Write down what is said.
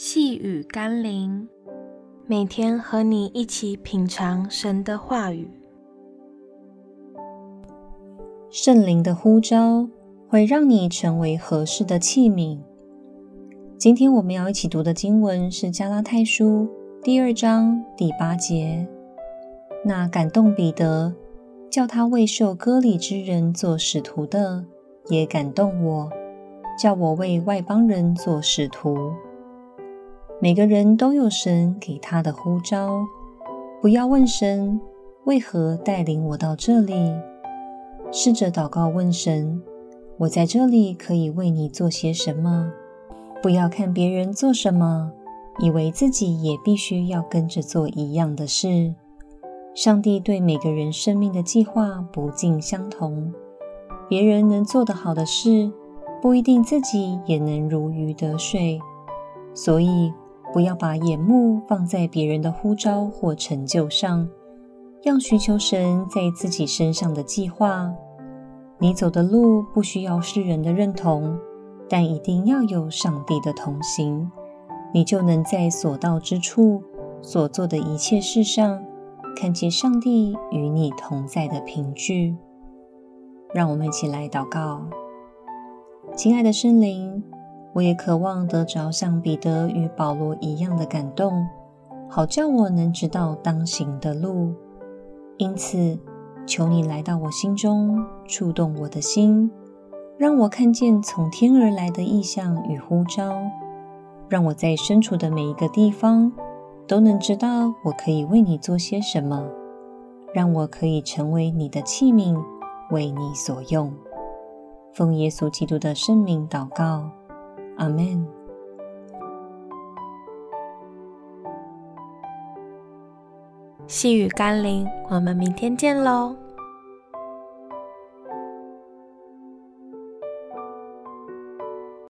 細語甘霖，每天和你一起品嘗神的話語。聖靈的呼召，會讓你成為合適的器皿。今天我們要一起讀的經文是《加拉太書》第二章第八節。那感動彼得，叫他為受割禮之人做使徒的，也感動我，叫我為外邦人做使徒。每個人都有神給他的呼召，不要問神，為何帶領我到這裡？試着禱告問神：我在這裡可以為祢做些什麼？不要看別人做什麼，以為自己也必須要跟着做一樣的事。上帝對每個人生命的計劃不盡相同，別人能做得好的事，不一定自己也能如魚得水，所以。不要把眼目放在別人的呼召或成就上，要尋求神在自己身上的計劃。你走的路不需要世人的認同，但一定要有上帝的同行，你就能在所到之處、所做的一切事上看見上帝與你同在的憑據。讓我們一起來禱告，親愛的聖靈。我也渴望得着像彼得與保羅一樣的感動，好叫我能知道當行的路。因此，求你來到我心中，觸動我的心，讓我看見從天而來的異象與呼召，讓我在身處的每一個地方，都能知道我可以為你做些什麼，讓我可以成為你的器皿，為你所用。奉耶穌基督的聖名禱告。Amen。細語甘霖，我們明天見嘍。